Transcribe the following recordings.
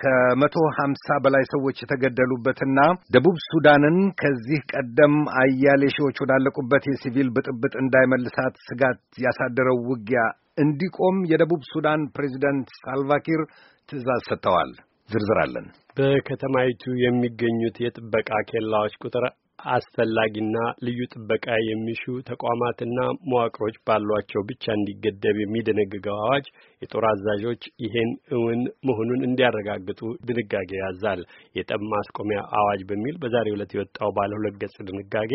ከመቶ ሀምሳ በላይ ሰዎች የተገደሉበትና ደቡብ ሱዳንን ከዚህ ቀደም አያሌ ሺዎች ወዳለቁበት የሲቪል ብጥብጥ እንዳይመልሳት ስጋት ያሳደረው ውጊያ እንዲቆም የደቡብ ሱዳን ፕሬዚደንት ሳልቫኪር ትዕዛዝ ሰጥተዋል። ዝርዝራለን በከተማይቱ የሚገኙት የጥበቃ ኬላዎች ቁጥር አስፈላጊና ልዩ ጥበቃ የሚሹ ተቋማትና መዋቅሮች ባሏቸው ብቻ እንዲገደብ የሚደነግገው አዋጅ የጦር አዛዦች ይህን እውን መሆኑን እንዲያረጋግጡ ድንጋጌ ያዛል። የጠብ ማስቆሚያ አዋጅ በሚል በዛሬው ዕለት የወጣው ባለ ሁለት ገጽ ድንጋጌ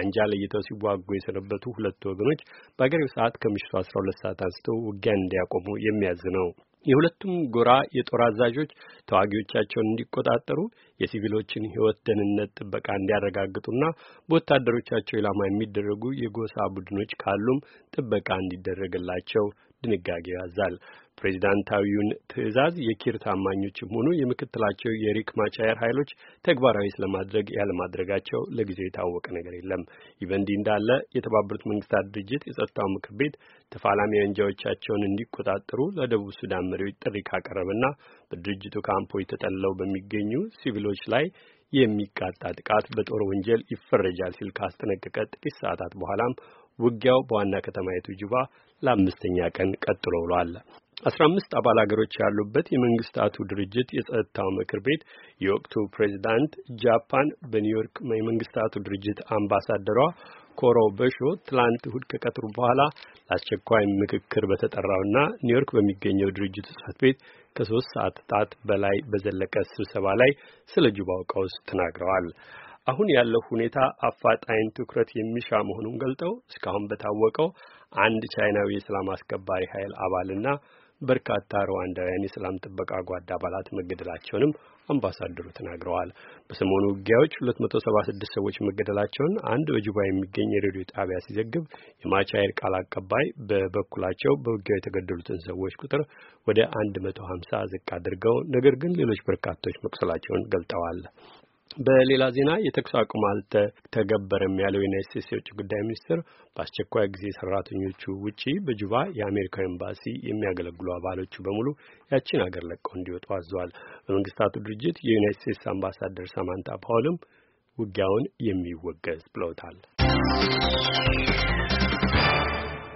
አንጃ ለይተው ሲዋጉ የሰነበቱ ሁለቱ ወገኖች በአገሬው ሰዓት ከምሽቱ አስራ ሁለት ሰዓት አንስቶ ውጊያን እንዲያቆሙ የሚያዝ ነው። የሁለቱም ጎራ የጦር አዛዦች ተዋጊዎቻቸውን እንዲቆጣጠሩ የሲቪሎችን ሕይወት ደህንነት ጥበቃ እንዲያረጋግጡና በወታደሮቻቸው ኢላማ የሚደረጉ የጎሳ ቡድኖች ካሉም ጥበቃ እንዲደረግላቸው ድንጋጌ ያዛል። ፕሬዚዳንታዊውን ትዕዛዝ የኪር ታማኞችም ሆኑ የምክትላቸው የሪክ ማቻየር ኃይሎች ተግባራዊ ስለማድረግ ያለማድረጋቸው ለጊዜው የታወቀ ነገር የለም። ይህ በእንዲህ እንዳለ የተባበሩት መንግስታት ድርጅት የጸጥታው ምክር ቤት ተፋላሚ ወንጃዎቻቸውን እንዲቆጣጠሩ ለደቡብ ሱዳን መሪዎች ጥሪ ካቀረበና በድርጅቱ ካምፖች ተጠልለው በሚገኙ ሲቪሎች ላይ የሚቃጣ ጥቃት በጦር ወንጀል ይፈረጃል ሲል ካስጠነቀቀ ጥቂት ሰዓታት በኋላም ውጊያው በዋና ከተማይቱ ጁባ ለአምስተኛ ቀን ቀጥሎ ውሏል። አስራ አምስት አባል አገሮች ያሉበት የመንግስታቱ ድርጅት የጸጥታው ምክር ቤት የወቅቱ ፕሬዚዳንት ጃፓን በኒውዮርክ የመንግስታቱ ድርጅት አምባሳደሯ ኮሮ በሾ ትላንት እሁድ ከቀትሩ በኋላ ለአስቸኳይ ምክክር በተጠራውና ኒውዮርክ በሚገኘው ድርጅቱ ጽህፈት ቤት ከሶስት ሰዓት ጣት በላይ በዘለቀ ስብሰባ ላይ ስለ ጁባው ቀውስ ተናግረዋል። አሁን ያለው ሁኔታ አፋጣኝ ትኩረት የሚሻ መሆኑን ገልጠው እስካሁን በታወቀው አንድ ቻይናዊ የሰላም አስከባሪ ኃይል አባልና በርካታ ሩዋንዳውያን የሰላም ጥበቃ ጓድ አባላት መገደላቸውንም አምባሳደሩ ተናግረዋል። በሰሞኑ ውጊያዎች 276 ሰዎች መገደላቸውን አንድ በጁባ የሚገኝ የሬዲዮ ጣቢያ ሲዘግብ የማቻይር ቃል አቀባይ በበኩላቸው በውጊያው የተገደሉትን ሰዎች ቁጥር ወደ 150 ዝቅ አድርገው ነገር ግን ሌሎች በርካቶች መቁሰላቸውን ገልጠዋል። በሌላ ዜና የተኩስ አቁም አልተተገበረም ያለው የዩናይት ስቴትስ የውጭ ጉዳይ ሚኒስትር በአስቸኳይ ጊዜ ሰራተኞቹ ውጪ በጁባ የአሜሪካ ኤምባሲ የሚያገለግሉ አባሎቹ በሙሉ ያቺን ሀገር ለቀው እንዲወጡ አዟል። በመንግስታቱ ድርጅት የዩናይት ስቴትስ አምባሳደር ሳማንታ ፓውልም ውጊያውን የሚወገዝ ብለውታል።